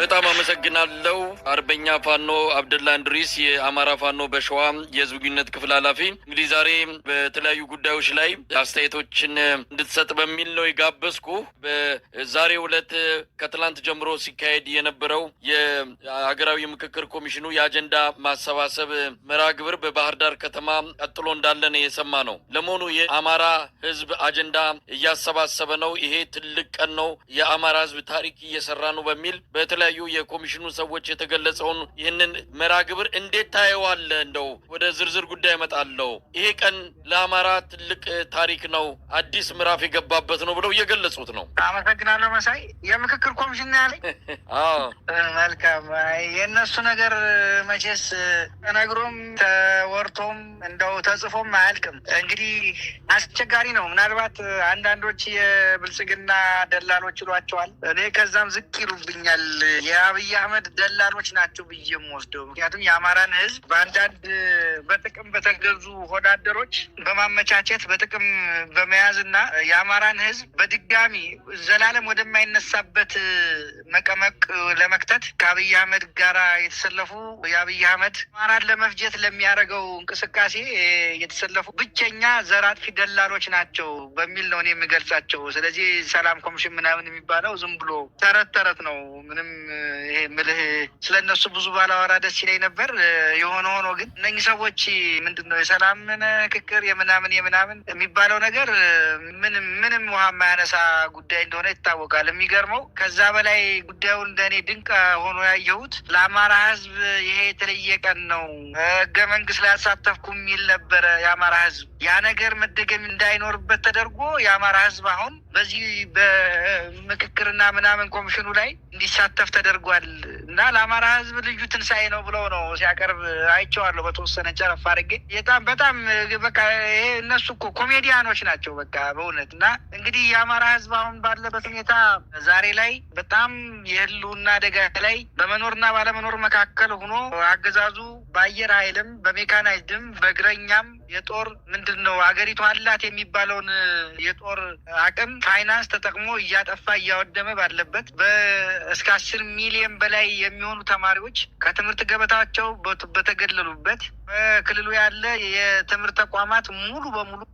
በጣም አመሰግናለሁ አርበኛ ፋኖ አብደላ እንድሪስ የአማራ ፋኖ በሸዋ የህዝብ ግንኙነት ክፍል ኃላፊ። እንግዲህ ዛሬ በተለያዩ ጉዳዮች ላይ አስተያየቶችን እንድትሰጥ በሚል ነው የጋበዝኩ። በዛሬ ዕለት ከትላንት ጀምሮ ሲካሄድ የነበረው የሀገራዊ ምክክር ኮሚሽኑ የአጀንዳ ማሰባሰብ መርሃ ግብር በባህር ዳር ከተማ ቀጥሎ እንዳለ ነው የሰማ ነው። ለመሆኑ የአማራ ህዝብ አጀንዳ እያሰባሰበ ነው። ይሄ ትልቅ ቀን ነው። የአማራ ህዝብ ታሪክ እየሰራ ነው በሚል በተለያዩ ከተለያዩ የኮሚሽኑ ሰዎች የተገለጸውን ይህንን መርሃ ግብር እንዴት ታየዋለ? እንደው ወደ ዝርዝር ጉዳይ እመጣለሁ። ይሄ ቀን ለአማራ ትልቅ ታሪክ ነው፣ አዲስ ምዕራፍ የገባበት ነው ብለው እየገለጹት ነው። አመሰግናለሁ መሳይ። የምክክር ኮሚሽን ያለኝ መልካም። የእነሱ ነገር መቼስ ተነግሮም ተወርቶም እንደው ተጽፎም አያልቅም። እንግዲህ አስቸጋሪ ነው። ምናልባት አንዳንዶች የብልጽግና ደላሎች ይሏቸዋል። እኔ ከዛም ዝቅ ይሉብኛል የአብይ አህመድ ደላሎች ናቸው ብዬ የምወስደው። ምክንያቱም የአማራን ህዝብ በአንዳንድ በጥቅም በተገዙ ሆዳደሮች በማመቻቸት በጥቅም በመያዝ እና የአማራን ህዝብ በድጋሚ ዘላለም ወደማይነሳበት መቀመቅ ለመክተት ከአብይ አህመድ ጋራ የተሰለፉ የአብይ አህመድ አማራን ለመፍጀት ለሚያደርገው እንቅስቃሴ የተሰለፉ ብቸኛ ዘር አጥፊ ደላሎች ናቸው በሚል ነው እኔ የምገልጻቸው። ስለዚህ ሰላም ኮሚሽን ምናምን የሚባለው ዝም ብሎ ተረት ተረት ነው ምንም ይሄ ምልህ ስለ እነሱ ብዙ ባላወራ ደስ ይለኝ ነበር። የሆነ ሆኖ ግን እነኚህ ሰዎች ምንድን ነው የሰላም ምክክር የምናምን የምናምን የሚባለው ነገር ምንም ምንም ውሃ የማያነሳ ጉዳይ እንደሆነ ይታወቃል። የሚገርመው ከዛ በላይ ጉዳዩን እንደኔ ድንቅ ሆኖ ያየሁት ለአማራ ህዝብ ይሄ የተለየ ቀን ነው ህገ መንግስት ላይ ያሳተፍኩ የሚል ነበረ የአማራ ህዝብ ያ ነገር መደገም እንዳይኖርበት ተደርጎ የአማራ ህዝብ አሁን በዚህ በምክክርና ምናምን ኮሚሽኑ ላይ እንዲሳተፍ ተደርጓል እና ለአማራ ህዝብ ልዩ ትንሳኤ ነው ብለው ነው ሲያቀርብ አይቼዋለሁ። በተወሰነ ጨረፍ አድርጌ በጣም በጣም በቃ ይሄ እነሱ እኮ ኮሜዲያኖች ናቸው በቃ በእውነት እና እንግዲህ የአማራ ህዝብ አሁን ባለበት ሁኔታ ዛሬ ላይ በጣም የህልውና አደጋ ላይ በመኖርና ባለመኖር መካከል ሆኖ አገዛዙ በአየር ኃይልም በሜካናይዝድም በእግረኛም የጦር ምንድን ነው አገሪቱ አላት የሚባለውን የጦር አቅም ፋይናንስ ተጠቅሞ እያጠፋ እያወደመ ባለበት እስከ አስር ሚሊዮን በላይ የሚሆኑ ተማሪዎች ከትምህርት ገበታቸው በተገለሉበት በክልሉ ያለ የትምህርት ተቋማት ሙሉ በሙሉ